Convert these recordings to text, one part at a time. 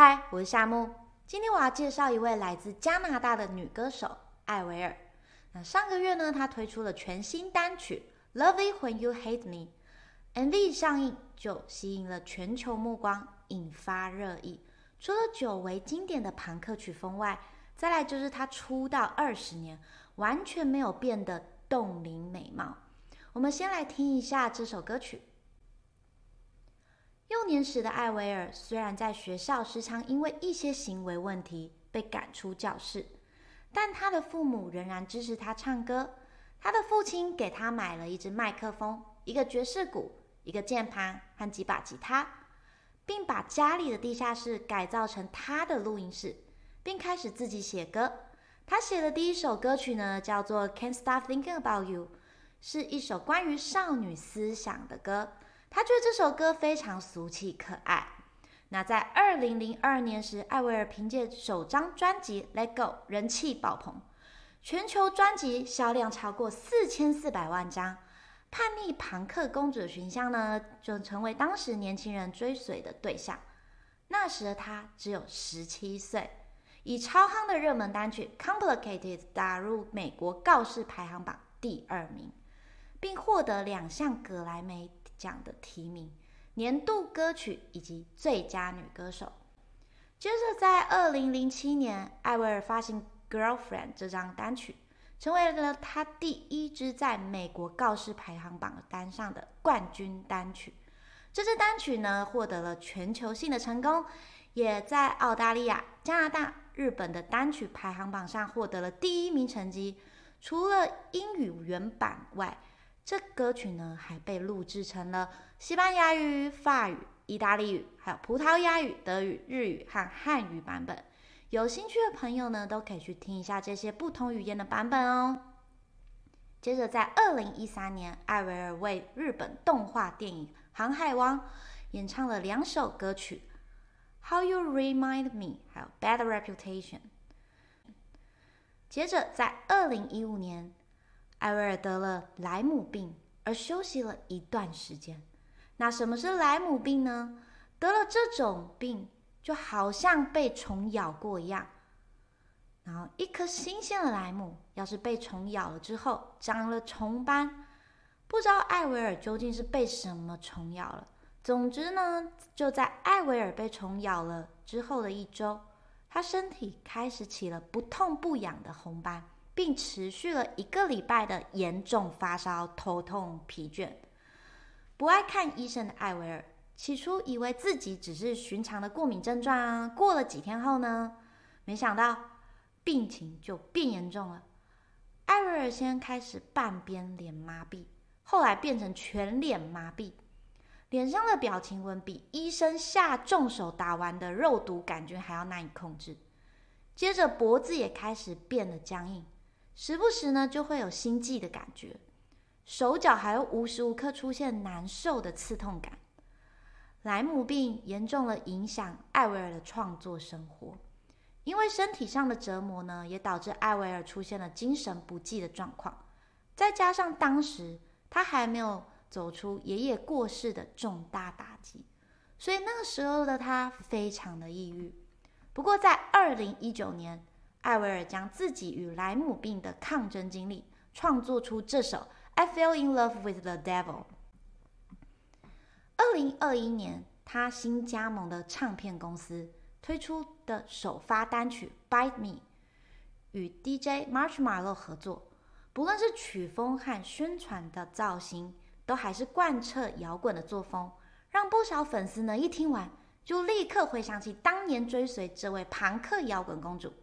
嗨，我是夏慕。今天我要介紹一位來自加拿大的女歌手艾薇爾。那上個月呢，她推出了全新單曲《Love It When You Hate Me》，MV 一上映就吸引了全球目光，引發熱議。除了久違經典的龐克曲風外，再來就是她出道二十年完全沒有變的凍齡美貌。我們先來聽一下這首歌曲。幼年時的艾薇兒雖然在學校時常因為一些行為問題被趕出教室，但他的父母仍然支持他唱歌。他的父親給他買了一支麥克風、一個爵士鼓、一個鍵盤和幾把吉他，並把家裡的地下室改造成他的錄音室，並開始自己寫歌。他寫的第一首歌曲呢，叫做《Can't Stop Thinking About You》，是一首關於少女思想的歌。他覺得這首歌非常俗氣可愛。那在二零零二年時，艾薇兒憑借首張專輯《Let Go》人氣爆棚，全球專輯銷量超過四千四百萬張。叛逆龐克公主的形象呢，就成為當時年輕人追隨的對象。那時的她只有十七歲，以超夯的熱門單曲《Complicated》打入美國告示排行榜第二名，並獲得兩項葛萊美獎的提名、年度歌曲以及最佳女歌手。接着，在二零零七年，艾薇兒發行《Girlfriend》這張單曲，成為了她第一支在美國告示排行榜單上的冠軍單曲。這支單曲呢，獲得了全球性的成功，也在澳大利亞、加拿大、日本的單曲排行榜上獲得了第一名成績。除了英語原版外，這歌曲呢，還被錄製成了西班牙語、法語、意大利語、還有葡萄牙語、德語、日語和漢語版本。有興趣的朋友呢，都可以去聽一下這些不同語言的版本哦。接着，在二零一三年，艾薇兒為日本動畫電影《航海王》演唱了兩首歌曲《How You Remind Me》還有《Bad Reputation》。接着，在二零一五年。艾薇兒得了萊姆病，而休息了一段時間。那什麼是萊姆病呢？得了這種病，就好像被蟲咬過一樣。然後，一顆新鮮的萊姆要是被蟲咬了之後，長了蟲斑。不知道艾薇兒究竟是被什麼蟲咬了。總之呢，就在艾薇兒被蟲咬了之後的一周，她身體開始起了不痛不癢的紅斑。並持續了一個禮拜的嚴重發燒、頭痛、疲倦。不愛看醫生的艾薇兒起初以為自己只是尋常的過敏症狀啊。過了幾天後呢，沒想到病情就變嚴重了。艾薇兒先開始半邊臉麻痹，後來變成全臉麻痹，臉上的表情紋比醫生下重手打完的肉毒桿菌還要難以控制。接着脖子也開始變得僵硬。時不時呢，就會有心悸的感覺，手腳還會無時無刻出現難受的刺痛感。萊姆病嚴重了，影響艾薇兒的創作生活。因為身體上的折磨呢，也導致艾薇兒出現了精神不濟的狀況。再加上當時她還沒有走出爺爺過世的重大打擊，所以那個時候的她非常的抑鬱。不過在二零一九年，艾薇兒將自己與萊姆病的抗爭經歷創作出這首《I Fell in Love with the Devil》。二零二一年，他新加盟的唱片公司推出的首發單曲《Bite Me》與 DJ Marshmello 合作，不論是曲風和宣傳的造型，都還是貫徹搖滾的作風，讓不少粉絲呢一聽完就立刻回想起當年追隨這位龐克搖滾公主。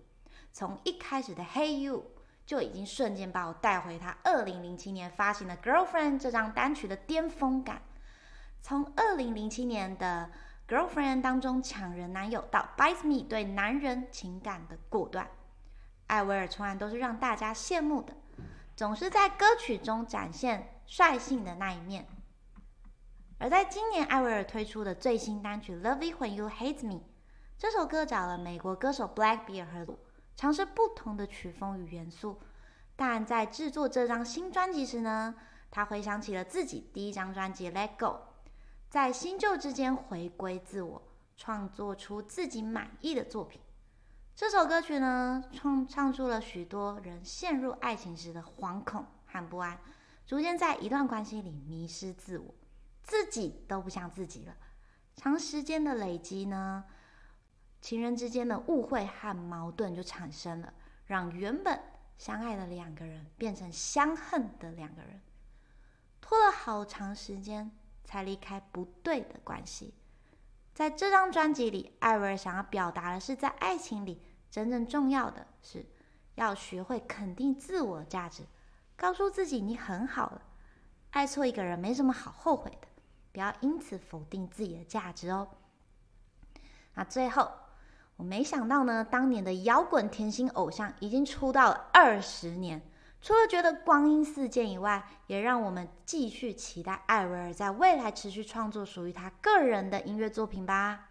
從一開始的《Hey You》就已經瞬間把我帶回他二零零七年發行的《Girlfriend》這張單曲的巔峰感。從二零零七年的《Girlfriend》當中搶人男友，到《Bites Me》對男人情感的果斷，艾薇兒從來都是讓大家羨慕的，總是在歌曲中展現率性的那一面。而在今年艾薇兒推出的最新單曲《Love It When You Hate Me》這首歌找了美國歌手 Blackbear 合作。嘗試不同的曲風與元素，但在制作這張新專輯時呢，他回想起了自己第一張專輯《Let Go》，在新舊之間回歸自我，創作出自己滿意的作品。這首歌曲呢，創唱出了許多人陷入愛情時的惶恐和不安，逐漸在一段關係裡迷失自我，自己都不像自己了。長時間的累積呢，情人之間的誤會和矛盾就產生了，讓原本相愛的兩個人變成相恨的兩個人，拖了好長時間才離開不對的關係。在這張專輯裡，艾薇兒想要表達的是，在愛情裡真正重要的是要學會肯定自我價值，告訴自己你很好了。愛錯一個人沒什麼好後悔的，不要因此否定自己的價值哦。那最後。我沒想到呢，當年的搖滾甜心偶像已經出道了二十年，除了覺得光陰似箭以外，也讓我們繼續期待艾薇兒在未來持續創作屬於她個人的音樂作品吧。